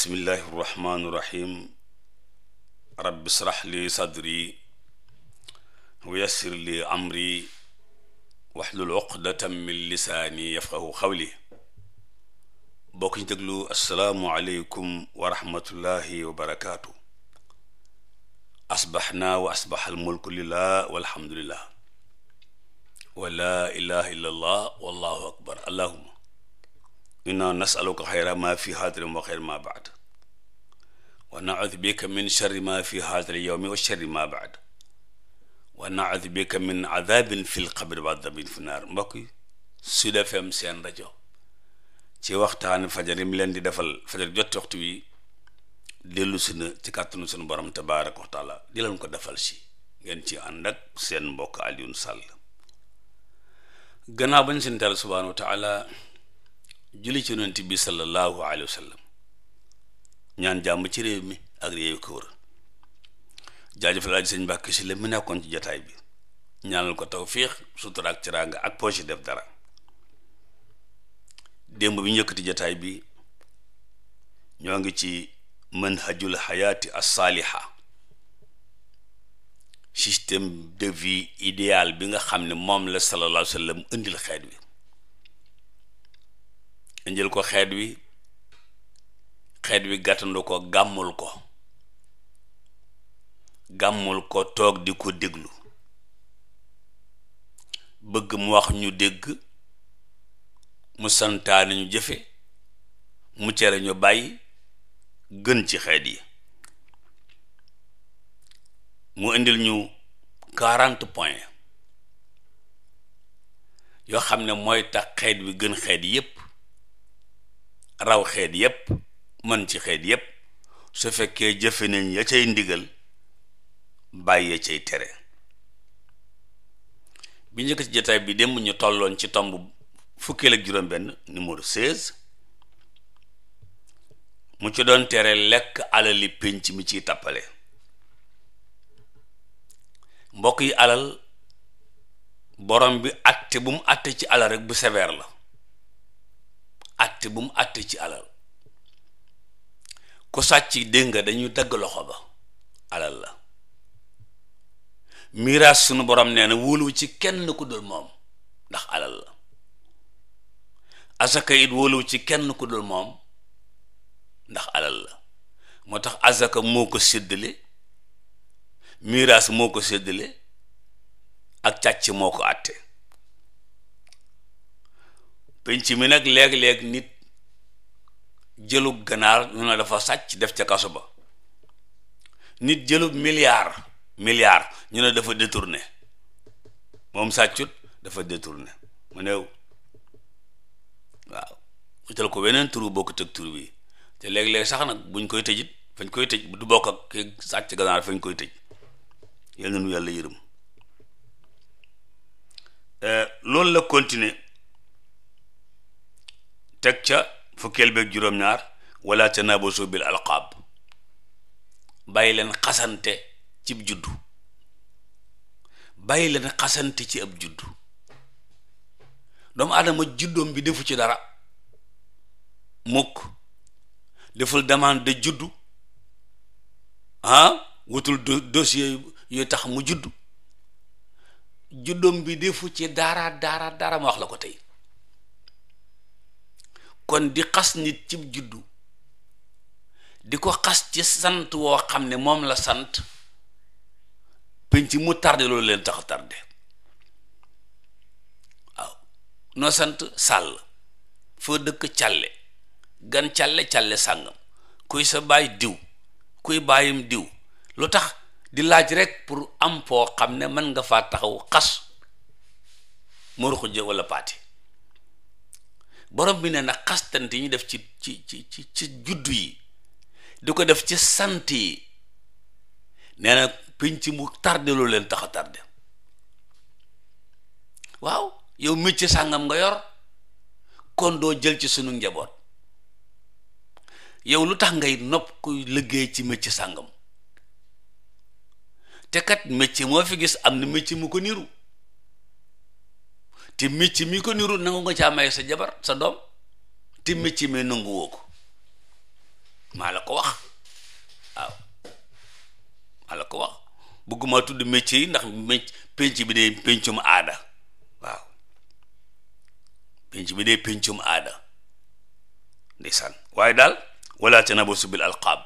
bismillahi irrahmaani irrahim rabbi israh li sadri wa yassir li amri waxlul uqdatan min lisaani yafqahu xawli bokk ñu déglu assalaamu aleykum wa rahmatullahi wa barakaatu asbaxnaa wa asbaxal mulku lillah walhamdulillah wa laa ilaha illa allah wallahu akbar allahuma inna nasaluka xayra ma fi haadal yowmi wa xayra ma baad wa naudu bika min sharri ma fi haadal yowmi wa sharri ma baad wa naudu bika min adabin fi lqabri wa adabin fi naar mbokk yi Sud FM seen rajo ci waxtaan fajar yi mu leen di defal fajar jot waxtu wi dellu si na ci kàttanu sunu borom tabaaraka wa taala di leen ko defal si ngeen ci ànd seen mbokk Alioune Sall gannaaw bañ seen teel subhaanahu wa taala julli ci yonent bi sallallahu alayhi wa sallam ñaan jàmm ci réew mi ak réew ko wër jaajëfal aji sëñ Mbàkke si la mu nekkoon ci jataay bi ñaanal ko tawfiix sutura ak teraanga ak poche def dara démb bi njëkkati jataay bi ñoo ngi ci manhajul xayaati as-saaliha système de vie idéal bi nga xam ne moom la sallallahu alayhi wa sallam indil xeet wi indil ko xeet wi xeet wi gàttandu ko gàmmul ko gàmmul ko toog di ko déglu bëgg mu wax ñu dégg mu santaane ñu jëfe mu cere ñu bàyyi gën ci xeet yi mu indil ñu quarante points yoo xam ne mooy tax xeet wi gën xeet yépp raw xeet yépp mën ci xeet yépp su fekkee jëfe nañ ya cay ndigal bàyyi ya cay tere bi njëkk ci jotaay bi démb ñu tolloon ci tomb fukkeel ak juróom-benn numéro 16 mu ci doon tere lekk alali pénc mi ciy tappale mbokk yi alal borom bi àtte bu mu àtte ci alal rek bu sévère la atte bu mu atte ci alal ku sàcc dégg nga dañu dagg loxo ba alal la miraas sunu borom nee na wóoluwu ci kenn ku dul moom ndax alal la ci kenn ku dul moom ndax alal la moo tax azaka moo ko séddale miraas moo ko séddale ak càcc moo ko àtte penc mi nag léeg-léeg nit jëlub ganaar ñu ne dafa sàcc def ca kaso ba nit jëlub milliard milliard ñu ne dafa détourné moom sàccut dafa détourné mu néew waaw utal ko weneen turu bokk tëg tur bi te léeg-léeg sax nag buñ koy tëjit fañ koy tëj du bokk ak sàcc ganaar fañ koy tëj yenu na nu yàlla yërëm eh, loolu la continuer teg ca fukkeel beeg juróom-ñaar wala tanaabasu bil alqaab bàyyi leen xasante ci ab juddu bàyyi leen xasante ci ab juddu doomu aadama juddoom bi defu ci dara mukk deful demande de juddu ah tax mu juddu juddoom bi defu ci dara dara dara ma wax la ko tey kon di xas nit ci juddu di ko xas ci sant woo xam ne moom la sant penc mu tardé loolu leen tax a tardé noo sant sàll foo dëkk càlle gan càlle càlle sàngam kuy sa baay diw kuy baayam diw lu tax di laaj rek pour am foo xam ne mën nga faa taxaw xas maruxu jë wala paati borom bi ne na xastante ñu def ci ci ci ci ci juddu yi di ko def ci sant yi nee na pinc mu tardé loo leen taxa tàrde waaw yow métier sàngam nga yor kon doo jël ci sunu njaboot yow lu tax ngay nopp ku liggéey ci mecc sàngam te kat métier moo fi gis am na métier mu ko niiru te mécc mi ko niru nangu nga caa maye sa jabar sa doom te mécc mi nangu woo ko maa la ko wax waaw maa la ko wax bëgguma tudd mécc yi ndax mécc penc bi dee pencum aada waaw penc bi dee pencum aada ndeysaan waaye daal wala tanabasu bil alqaab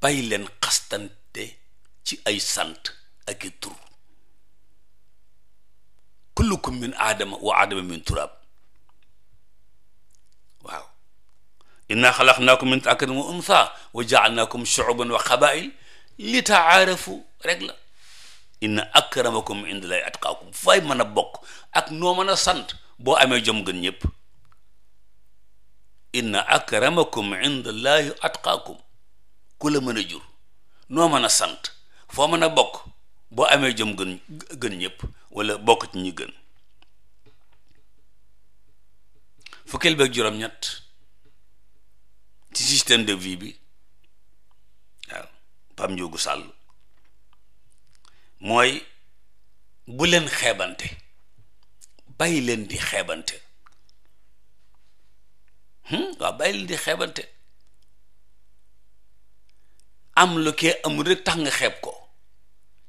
bay leen xastante ci ay sant ak i tur kullukum min aadama wa aadama min turaab waaw inna xalaqnaakum min dakarin wa untha wa jaalnaakum shuuban wa xabail li taarafu rek la inna akramakum indallaahi atqaakum fay mën a bokk ak noo mën a sant boo amee jom gën ñëpp inna akramakum indallaahi atqaakum ku la mën a jur noo mën a sant foo mën a bokk boo amee jom gën gën ñëpp wala bokk ci ñi gën fukkeel beeg juróom-ñett ci système de vie bi waaw Pam Njóogu Sàll mooy bu leen xeebante bàyyi leen di xeebante hmm? waaw bàyyi leen di xeebante am lu kee amul rek tax nga xeeb ko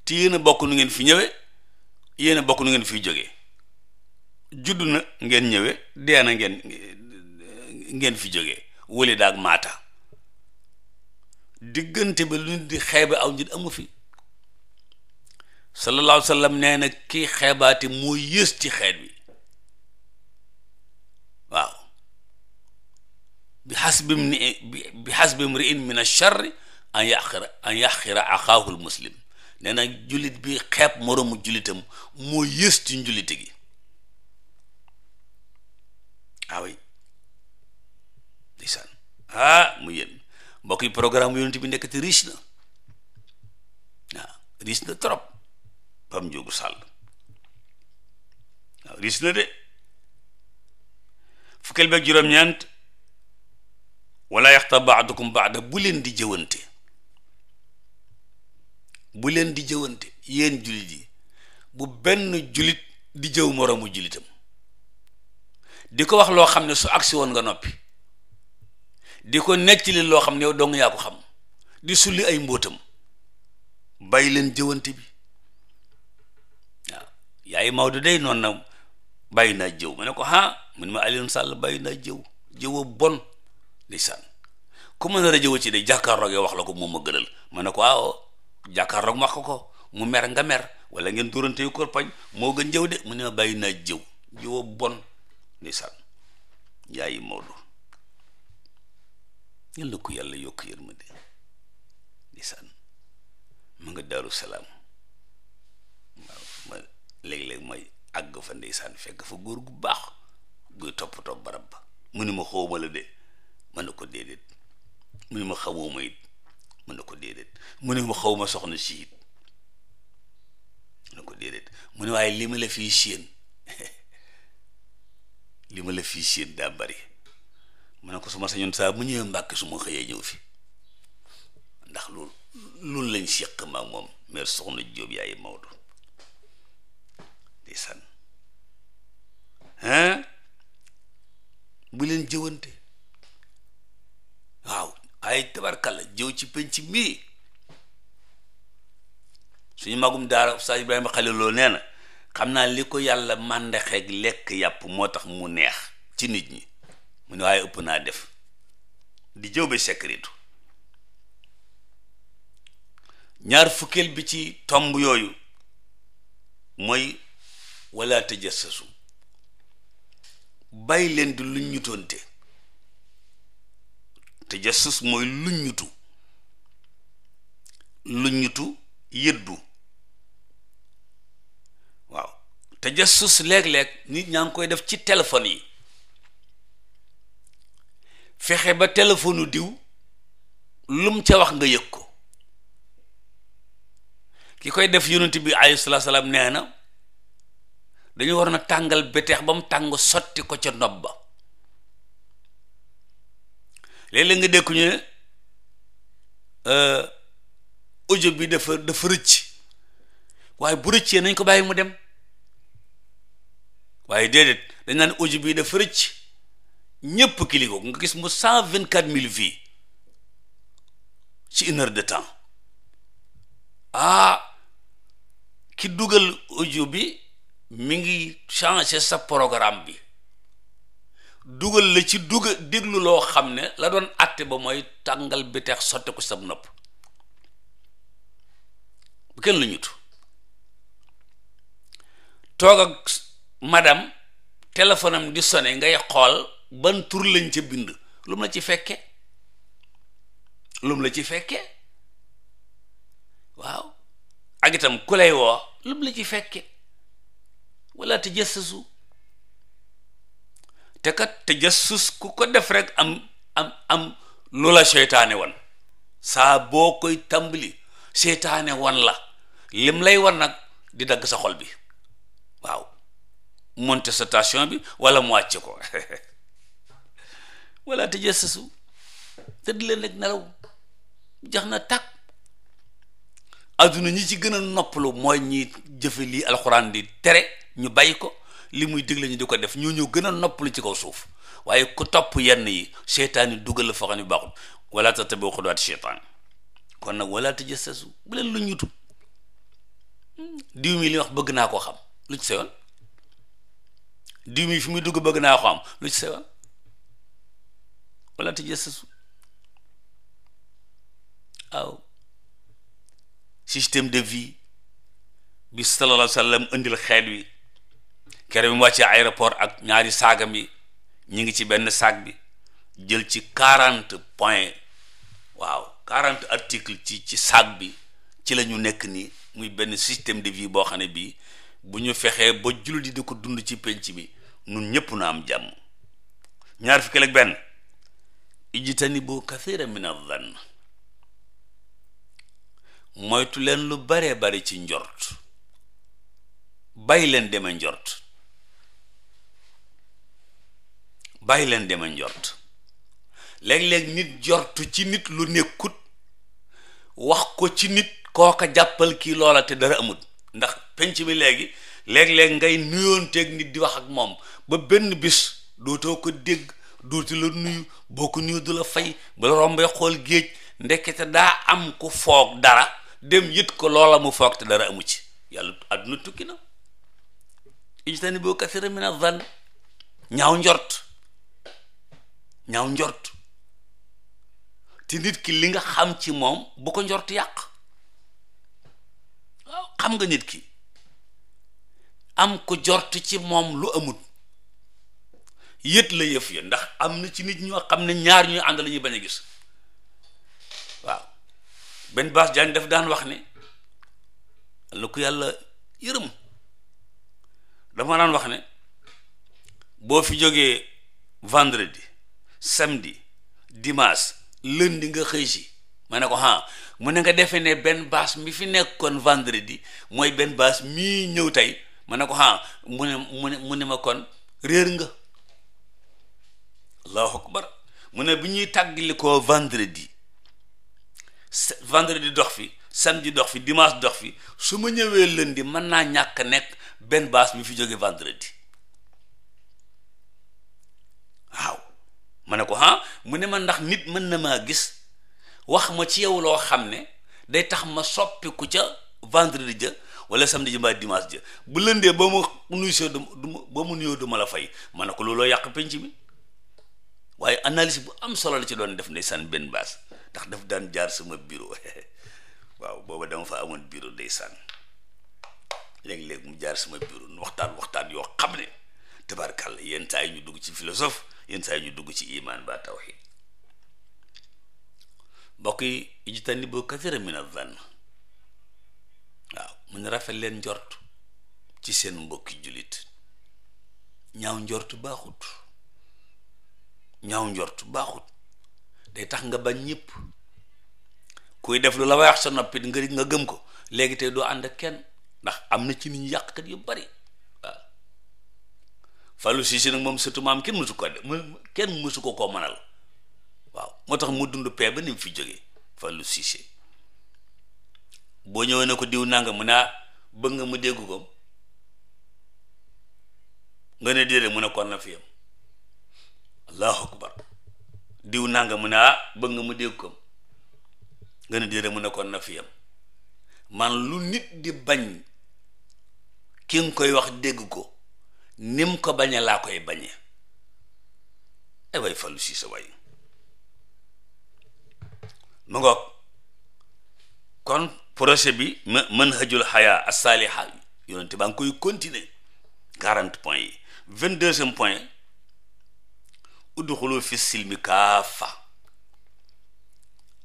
te yéen bokk nu ngeen fi ñëwee yéen a bokk nu ngeen fiy jógee judd na ngeen ñëwee dee na ngeen ngeen fi jógee wële daag maata diggante ba lu nit di xeebe aw nit amu fi sallallahu alayhi wa sallam nee na kii xeebaate moo yées ci xeet bi waaw bi xas ni bi mi riin min alcharri an yaxira an yaxira axaahu almuslim nee na jullit bi xeeb moroomu jullitam moo yées ci njullite gi ah oui ndeysaan ah mu yéen mbokk programme yonent bi nekk te riche na waaw ah, riche na trop bam njóogu sàll waaw ah, riche na de fukkeel beeg juróom-ñeent wala yaxta baadukum baada bu leen di jëwante bu leen di jëwante yéen jullit yi bu benn jullit di jëw moroomu jullitam di ko wax loo xam ne su agsi woon nga noppi di ko necc li loo xam ne yow dong yaa ko xam di sulli ay mbóotam bàyyi leen jëwante bi yaay Maodo day noonu na bàyyi naa jëw ma ne ko ah mun ma Alioune sàll bàyyi naa jëw jëwa bon ndeysaan ku mën a jëwa ci de jàkkaarloo ak yow wax la ko moom ma gënal ma ne ko ah jàkkaarloog ma ko ko mu mer nga mer wala ngeen durante yu korpañ moo gën jëw de mu ne ma bàyyi naa jëw jëwa bon ndeysaan yaayi Maodo yal yàlla ko yàlla yokk yërmande ndeysaan mu nga daaru salaam ma léeg-léeg may àgg fa ndeysaan fekk fa góor gu baax guy toppatoo barab ba mu ne ma xawma la de ma ne ko déedéet mu ne ma xawuma it mën na ko déedéet mu ne xaw ma soxna siit ne ko déedéet mu ne waaye li ma la fii séen li ma la fii séen daa bari mu ne ko su ma sañoon saa mu ñëwee mbàkk su ma xëyee ñëw fi ndax loolu loolu lañ séq ma moom meer soxna Jóob yaay Maodo di san bu leen jëwante ay tabarkalla jëw ci penc mii suñu magum daara sa Ibrahima Xalil loo nee na xam naa li ko yàlla màndaxeeg lekk yàpp moo tax mu neex ci nit ñi mu ne waaye ëpp naa def di jëw ba sekkaritu ñaar fukkeel bi ci tomb yooyu mooy wala tëjassasu bàyyi leen di luñ ñu tajassus mooy luññutu luññutu yëddu waaw tajassus léeg-léeg nit ñaa ngi koy def ci téléphone yi fexe ba téléphone diw lum ca wax nga yëg ko ki koy def yonent bi alayhi salaam nee na dañu war na tàngal beteex ba mu tàng sotti ko ca nopp ba léeg-léeg nga dékku ñu euh, audio bi dafa dafa rëcc waaye bu rëccee nañ ko bàyyi mu dem waaye déedéet dañ naan audio bi dafa rëcc ñépp kiliko nga gis mu cent vingt quatre mille vies ci une heure de temps ah ki dugal audio bi mi ngi changer sa programme bi dugal la ci duga déglu loo xam ne la doon àtte ba mooy tàngal bi sotte ko sab nopp bu kenn la ñut toog ak madam téléphone am di sone ngay xool ban tur lañ ca bind lu mu la ci fekke lu mu la ci fekke waaw ak itam ku lay woo lu mu la ci fekke wala te jëssasu te kat tajassus ku ko def rek am am am lu la seytaane wan saa boo koy tàmbali seytaane wan la lim lay wan nag di dagg sa xol bi waaw monte sa tension bi wala mu wàcc ko wala tajassasu tëdd leen rek nelaw jax na tàkk adduna ñi ci gën a noppalu mooy ñi jëfe lii alxuraan di tere ñu bàyyi ko li muy dégle ñu di ko def ñoo ñoo gën a noppalu ci kaw suuf waaye ku topp yenn yi seytaan yi dugal la fa xam ne baaxul wala tattabi'u xutuwaati kon nag wala tajassasu bu leen lu ñu tub diw mi li wax bëgg naa koo xam lu ci sa yoon fi muy dugg bëgg naa ko xam lu ci sa yoon wala tajassasu waaw système de vie bi sallallahu alayhi wa sallam indil xeet wi kere bi mu wàccee aéroport ak ñaari saagam yi ñu ngi ci benn saag bi jël ci quarante point waaw quarante article ci ci saag bi ci la ñu nekk ni muy benn système de vie boo xam ne bi bu ñu fexee ba jullit yi di ko dund ci penc bi nun ñëpp na am jàmm ñaar fukki ak benn ijtanibu kathiran min adh-dhann moytu leen lu baree bari ci njort bàyyi leen deme njort bàyyi leen dema njort léeg-léeg nit jortu ci nit lu nekkut wax ko ci nit kooka jàppal kii loola te dara amut ndax penc mi léegi léeg-léeg ngay nuyoonteeg nit di wax ak moom ba benn bis dootoo ko dégg dootu la nuyu boo ko nuyu du la fay ba la rombee xool géej ndekete daa am ku foog dara dem yët ko loola mu foog te dara amu ci yàlla àdduna tukki na ijtanibu kathiran mina zann ñaaw njort ñaw njort te nit ki li nga xam ci moom bu ko njort yàq waaw xam nga nit ki am ko jort ci moom lu amut yët la yëf ya ndax am na ci nit ñoo xam ne ñaar ñuy ànd la ñuy bañ a gis waaw benn baas jaan daf daan wax ne la ko yàlla yërëm dama daan wax ne boo fi jógee vendredi samedi dimanche lundi nga xëy si ma ne ko ah mu ne nga defe ne benn baas mi fi nekkoon vendredi mooy benn baas mii ñëw tey ma ne ko ah mu ne mu ne ma kon réer nga allahu akbar mu ne bi ñuy tàggali koo vendredi vendredi dox fi samedi dox fi dimanche dox fi su ma ñëwee lundi mën naa ñàkk nekk benn baas mi fi jóge vendredi waaw ma ne ko ah mu ne ma ndax nit mën na maa gis wax ma ci yow loo xam ne day tax ma soppiku ca vendredi ja wala samedi ji mbaa dimanche ja bu lëndee ba mu nuyu see du ba mu nuyoo duma la fay ma ne ko looloo yàq penc mi waaye analyse bu am solo la ci doon def ndeysaan benn baas ndax daf daan jaar sama bureau waaw booba dama fa amoon bureau ndeysaan léeg-léeg mu jaar sama bureau waxtaan waxtaan yoo xam ne tabarkàlla yenn taa yi ñu dugg ci philosophe yenn saa ñu dugg ci iman ba tawxid mbokk yi ijtanibu kathira min adhann waaw mu ne rafet leen njort ci seen mbokki jullit ñaw njort baaxut ñaaw njort baaxut day tax nga bañ ñépp kuy def lu la wax sa noppit nga nga gëm ko léegi tey doo ànd kenn ndax am na ci nit ñu yàqkat yu bari Fallou Cissé nag moom surtout maam kenn mësu ko kenn mësu ko koo mënal waaw moo tax mu dund pee ba ni mu fi jógee Fallou Cissé boo ñëwee ne ko diw nanga mu naa bëgg nga mu dégg ko nga ne déedéet mu ne na fi yam allahu akbar diw nanga bëgg nga mu dégg ko nga ne déedéet mu ne kon na fi yam ah, man lu nit di bañ ki nga koy wax dégg ko ni mu ko bañe laa koy bañe ay eh, way Fallou Cissé way mu ngoog kon projet bi ma mën hajul xayaa assaaliha yonente baa ngi koy continuer quarante point yi vingt deuxième point udxulu fi silmi kaafa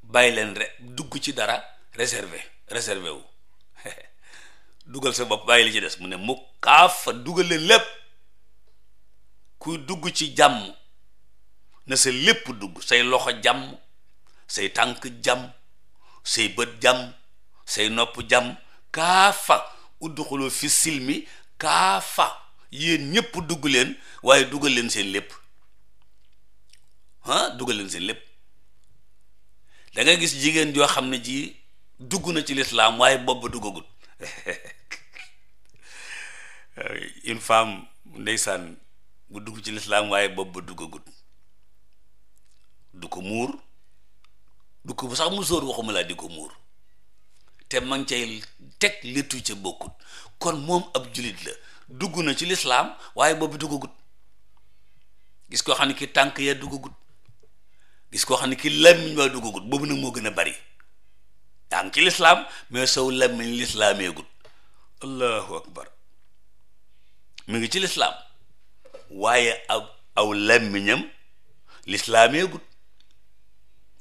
bàyyi leen rek dugg ci dara réservé réservé wu dugal sa bopp bàyyi li ci des mu ne mu kaafa dugal leen lépp kuy dugg ci jàmm na sa lépp dugg say loxo jàmm say tànk jàmm say bët jàmm say nopp jàmm kaafa udduxulu fi silmi kaafa yéen ñépp dugg leen waaye dugal leen seen lépp ah lépp da gis jigéen joo xam ne ji dugg na ci lislaam waaye bopp duggagul une femme ndeysaan bu dugg ci lislaam waaye boobu ba duggagut du ko muur du ko sax musóor waxuma laa di ko muur te ma ngi cay teg léttu ca bokkut kon moom ab julit la dugg na ci lislaam waaye boobu duggagut gis koo xam ne ki tànk ya duggagut gis koo xam ne ki làmmiñ waa duggagut boobu nag moo gën a bari yaa ci lislaam mais sow làmmiñ lislaameegut allahu akbar mu ngi ci lislaam waaye ak aw làmmiñam lislaamee gut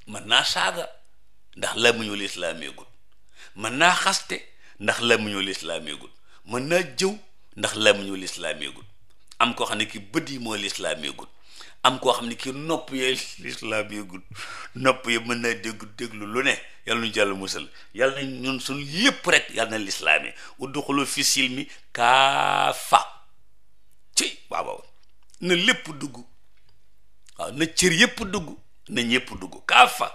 mën naa saaga ndax làmmiñu lislaamee gut mën naa xaste ndax làmmiñu lislaamee gut mën naa jëw ndax làmmiñu lislaamee gut am koo xam ne ki bët yi moo lislaamee am koo xam ne ki nopp yee lislaamee gut nopp yi mën naa dégg déglu lu ne yàlla nu jàll musal yàlla ñu ñun suñ lépp rek yàlla na lislaamee udduxulu fi silmi kaafa ci waaw waaw na lépp dugg waaw na cër yépp dugg na ñépp dugg kaafa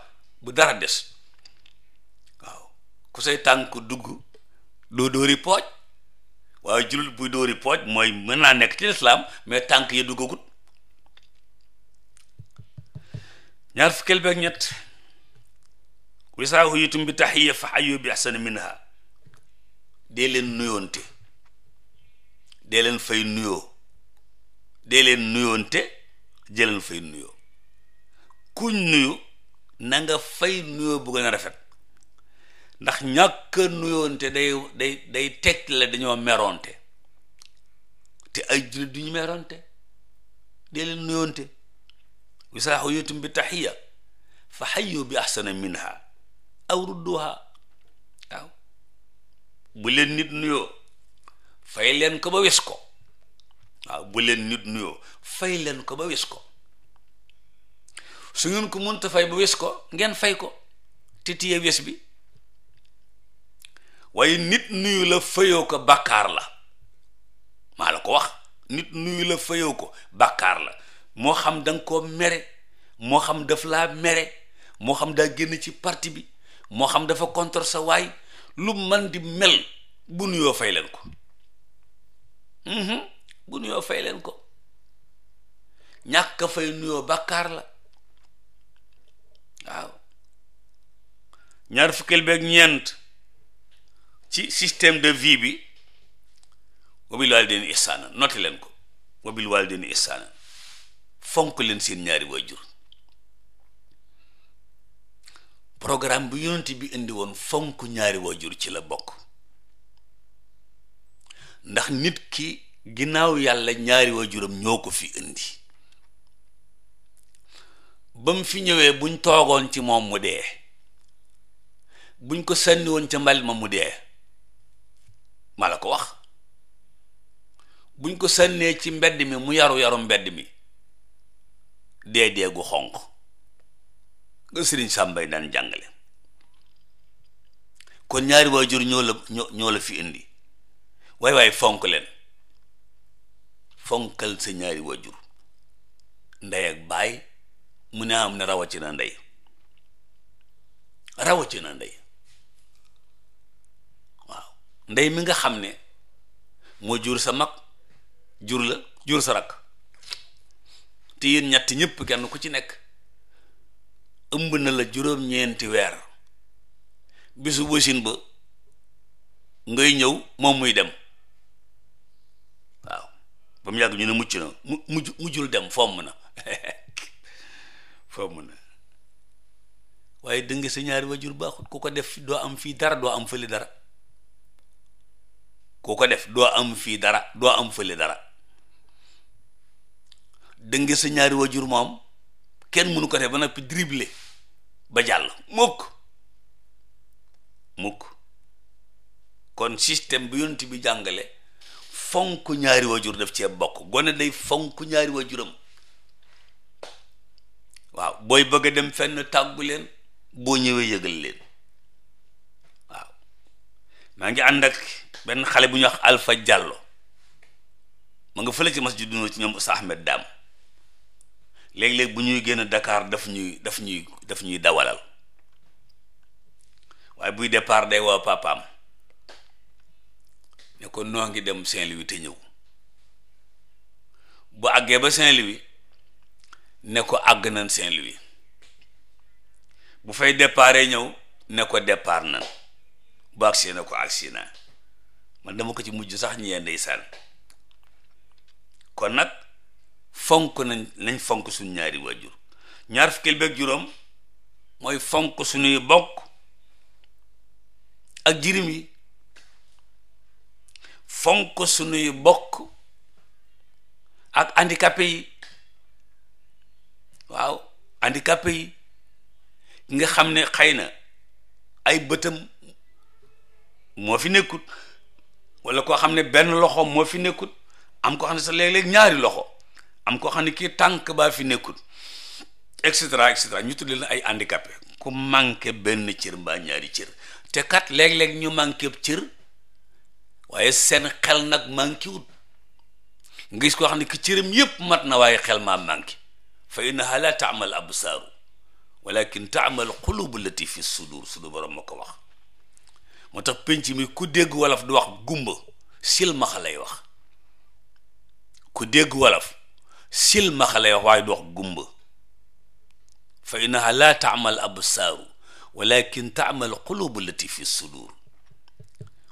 bu dara des waaw ku say tànk dugg doo dóori pooj waaye jullit buy dóori pooj mooy mën naa nekk ci lislaam mais tànk yi duggagut ñaar fukkeel beeg ñett wisaa huyitum bi taxiya fa xayu bi axsana minha dee leen nuyoonte dee leen fay nuyoo de leen nuyoonte jëleen fay nuyoo kuñ nuyu nanga fay nuyoo bu gën a rafet ndax ñàkk a nuyoonte day day day la dañoo meroonte te ay jullit duñu meroonte dee leen nuyoonte wisaaxu yutum bi taxiya fa xayu bi axsana minha aw rudduha waaw bu leen nit nuyoo fay leen ko ba wis ko waaw bu leen nit nuyoo fay leen ko ba wees ko su ngeen ko mënta fay ba wees ko ngeen fay ko te tiye wis bi waaye nit nuyu la fayoo ko bàkkaar la maa ko wax nit nuyu la fayoo ko bàkkaar la moo xam da koo mere moo xam daf laa mere moo xam daa génn ci parti bi moo xam dafa contre sa waay lu man di mel bu nuyoo fay leen ko mhm. bu nuyoo fay leen ko ñàkk fay nuyoo bàkkaar la waaw ñaar fukkeel beeg ñeent ci système de vie bi wabil waalidayni ihsaanan noté leen ko wabil waalidayni ihsaanan fonk leen seen ñaari waajur programme bi yonent bi indi woon fonk ñaari waajur ci la bokk ndax nit ki ginnaaw yàlla ñaari waajuram ñoo ko fi indi ba mu fi ñëwee buñ toogoon ci moom mu dee buñ ko sànni woon ca mbalit ma mu dee ma la ko wax buñ ko sànnee ci mbedd mi mu yaru yaru mbedd mi dee dee gu xonq nga sëriñ sàmbay daan jàngale kon ñaari waajur ñoo la ñoo la fi indi waay waay fonk leen fonkal sa ñaari wajur ndey ak baay mu ne am ne rawatina ndey rawatina ndey waaw ndey mi nga xam ne moo jur sa mag jur la jur sa rakk te yéen ñett ñëpp kenn ku ci nekk ëmb na la juróom-ñeenti weer bisu wasin ba ngay ñëw moom muy dem ba mu yàgg ñu ne mucc na mu mujj mujjul dem fomm na fomm na waaye dëng sa ñaari wajur baaxut ku ko def doo am fii dara doo am fële dara ku ko def doo am fii dara doo am fële dara dëng sa ñaari wajur moom kenn mënu ko def ba noppi dribble ba jàll mukk mukk kon système bi yonent bi jàngale fonk ñaari wajur daf cee bokk gone day fonk ñaari wajuram waaw booy bëgg a dem fenn tàggu leen boo ñëwee yëgal leen waaw maa ngi ànd ak benn xale bu ñuy wax Alpha Diallo ma nga fële ci masjid dund ci ñoom Oustaz Ahmed Dam léeg-léeg bu ñuy génn dakaar daf ñuy daf ñuy daf ñuy dawalal waaye buy départ day woo papaam ne ko noo ngi dem Saint-Louis te ñëw bu àggee ba Saint-Louis ne ko àgg nañ Saint-Louis bu fay départ ñëw ne ko départ nañ bu agsi ne ko agsi na man dama ko ci mujj sax ñee ndeysaan kon nag fonk nañ nañ fonk suñu ñaari waajur ñaar fukkil beeg juróom mooy fonk suñuy bokk ak jirim yi fonk sunuy bokk ak handicapé yi waaw handicapé yi nga xam ne xëy na ay bëtam moo fi nekkut wala koo xam ne benn loxo moo fi nekkut am ko xam ne sa léeg-léeg ñaari loxo am koo xam ne kii tànk baa fi nekkut et cetera et cetera ñu tuddee la ay handicapé ku manqué benn cër mbaa ñaari cër te kat léeg-léeg ñu manqué cër waaye seen xel nag manqué wut nga gis koo xam ne ki cëram yépp mat na waaye xel maa manqué fa innaha la amal absaaru walakin amal xulubu lati fi sudur sudu borom ma ko wax moo tax penc mi ku dégg wolof di wax gumba silmaxa lay wax ku dégg wolof silmaxa lay wax waaye du wax gumba fa innaha la amal absaaru walakin taamal xulubu lati fi sudur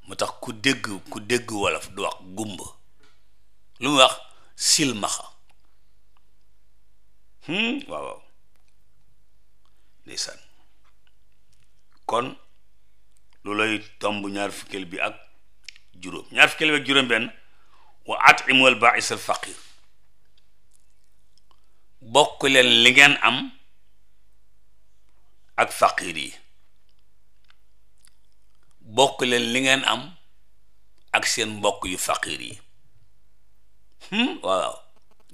mu tax ku dégg ku dégg wolof du wax gumba lu mu wax silmaxa hmm waaw waaw ndeysaan kon looloy tomb ñaar fukkeel bi ak juróom ñaar fukkeel bi ak juróom benn wa atimu al baais al faqir bokk leen li ngeen am ak faqir yi bokk leen li ngeen am ak seen mbokk yu faqiir yi hmm? waaw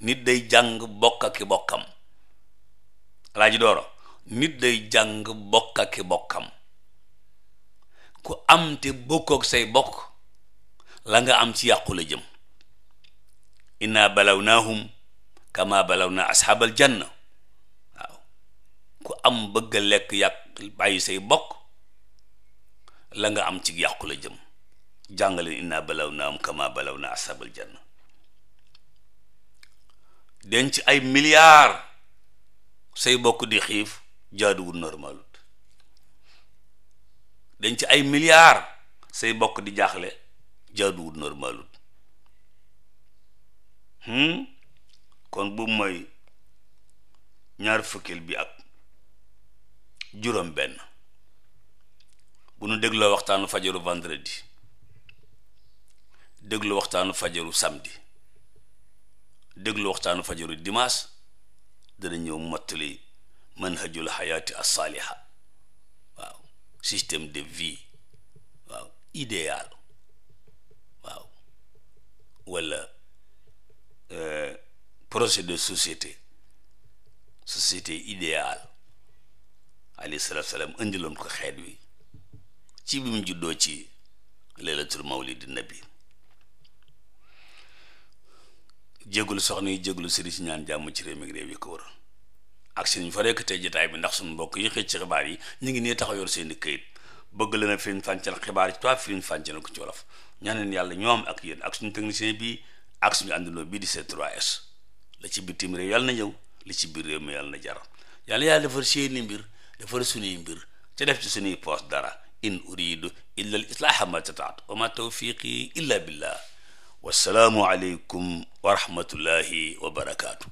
nit day jàng bokk ak i bokkam alaaji dooro nit day jàng bokk ak bokkam ku am te bokkook say bokk la nga am ci yàqu la jëm inna balawnahum kama balawna ashaabal janna waaw ku am bëgg lekk yàq bàyyi say bokk la nga am ci yàqula la jëm jàngale inna balaw na am kama balaw na asabal janna denc ay milliards say bokk di xiif jaaduwul normalut denc ay milliards say bokk di jaaxle jaaduwul normalut hmm? kon bu moy ñaar fukkeel bi ak juróom benn bu nu dégloo waxtaanu fajaru vendredi déglu waxtaanu fajaru samedi déglu waxtaanu fajaru dimanche dana ñëw mottali manhajul xayaati assaaliha waaw système de vie waaw idéal waaw wala euh, projet de société société idéal alayhi salaatu salaam indiloon ko xeet wi ci bi mu juddoo ci leelatul mawlidi nabi jégalu soxna yi jégalu sëriñ si ñaan jàmm ci réew mi réew yi ko wër ak suñu fa rekk tey jotaay bi ndax suñu mbokk yi xëcc ci xibaar yi ñu ngi nee taxaw seen seeni këyit bëgg la na firiñ fàncal xibaar ci toi firiñ fàncal ko ci wolof ñaaneen yàlla ñoom ak yéen ak suñu technicien bii ak suñu àndandoo bi di c 3 la ci bitim réew yàlla na ñëw li ci biir réew mi yàlla na jar yàlla yàlla defar seeni mbir defar suñuy mbir ca def ci suñuy poos dara in uridu illa al islaaha ma tataat wa ma tawfiqi illa billah wassalaamu aleykum wa rahmatullahi wa barakaatu